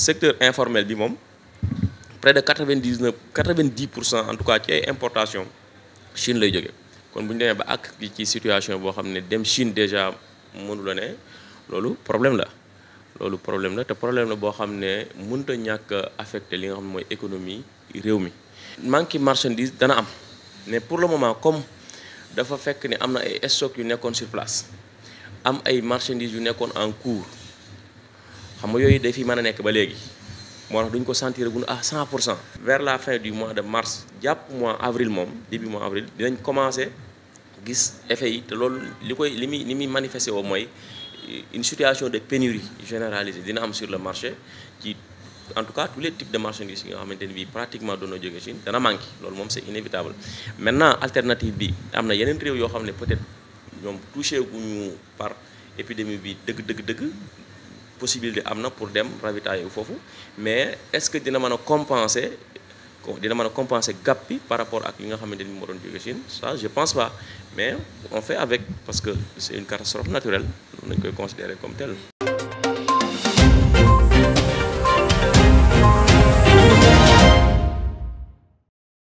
secteur informel bi mom près de 99 90% en tout cas ci ay importation Chine lay jóge kon buñu ñu ba ak ci situation bo xamné dem Chine déjà mënu la né lolu problème la lolu problème la té problème la bo xamné ne mënut a affecté li nga xam moy économie réew mi manque marchandise dana am mais pour le moment comme dafa fekk ni amna ay stock yu nekkoon sur place am ay marchandises yu nekkoon en cours xam nga yooyu day fi mën a nekk ba léegi moo tax duñ ko sentir gun à 100 pour cent vers la fin du mois de mars jàpp mois avril moom début mois avril dinañ commencé gis effet yi te loolu li koy li muy li muy manifesté woo mooy euh, une situation de pénurie généralisée dina am sur le marché ci en tout cas tous les types de marchandises yi nga xamante ni bii pratiquement doon na jóge Chine dana manqué loolu moom c'est inévitable maintenant alternative bi am na yeneen réew yoo xam ne peut-être ñoom touché guñu par épidémie bi dëgg dëgg dëgg possibilité de amener pour dem ravitailler mais est-ce que dina compenser dina compenser gap par rapport à li nga nous avons moo ça je pense pas mais on fait avec parce que c'est une catastrophe naturelle On ne peut considérer comme telle